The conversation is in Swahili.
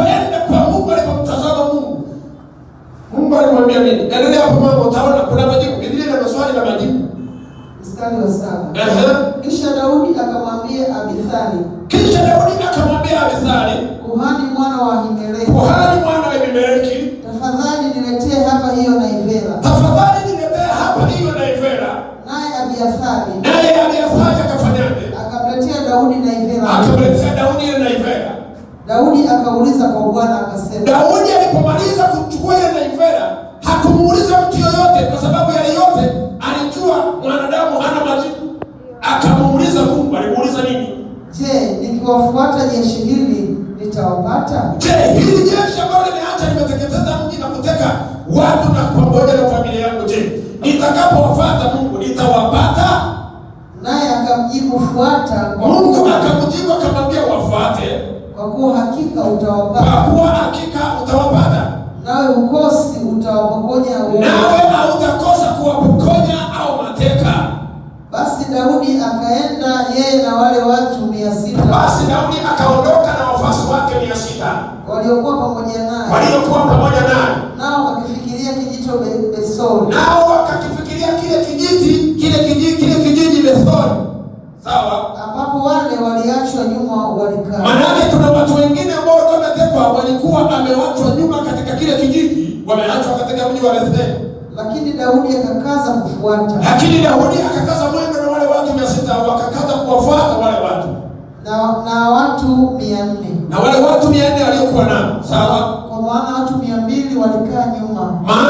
alipoenda kwa Mungu, alipomtazama Mungu, Mungu alimwambia nini? Endelea hapo, mama, utaona kuna majibu. Biblia ina maswali na majibu. Mstari wa saba. Kisha Daudi akamwambia Abithali, kisha Daudi akamwambia Abithali, kuhani mwana wa Ahimeleki, kuhani mwana wa Ahimeleki, tafadhali niletee hapa hiyo naivera, tafadhali niletee hapa hiyo naivera. Naye Abiathari, naye Abiathari akafanyaje? Akamletea Daudi naivera, akamletea Daudi naivera Daudi akauliza kwa Bwana akasema. Daudi alipomaliza kuchukua ile naivera hakumuuliza mtu yoyote, kwa sababu yale yote alijua mwanadamu hana majibu. Akamuuliza Mungu. Alimuuliza nini? Je, nikiwafuata jeshi hili nitawapata? Je, hili jeshi ambalo limeacha limeteketeza mji na kuteka watu na pamoja na familia yangu, je, nitakapowafuata Mungu nitawapata? Naye akamjibu fuata. Mungu akamjibu utawapata, kwa hakika utawapata, nawe ukosi utawapokonya, nawe hautakosa kuwapokonya au mateka. Basi Daudi akaenda yeye na wale watu mia Basi Daudi akaondoka na wafuasi wake waliokuwa pamoja naye, waliokuwa pamoja naye, nao wakifikiria kijito Besori, nao wakakifikiria kile kijiti kile kijiji kile kijiji Besori, sawa, ambapo wale waliachwa nyuma walikaa nyuma katika kile kijiji wameachwa katika mji wa Bethlehem. Lakini Daudi akakaza kufuata. Lakini Daudi akakaza mwendo na wale watu mia sita wakakaza kuwafuata wale watu na, na watu mia nne na wale watu mia nne waliokuwa nao sawa, kwa maana watu mia mbili walikaa nyuma Ma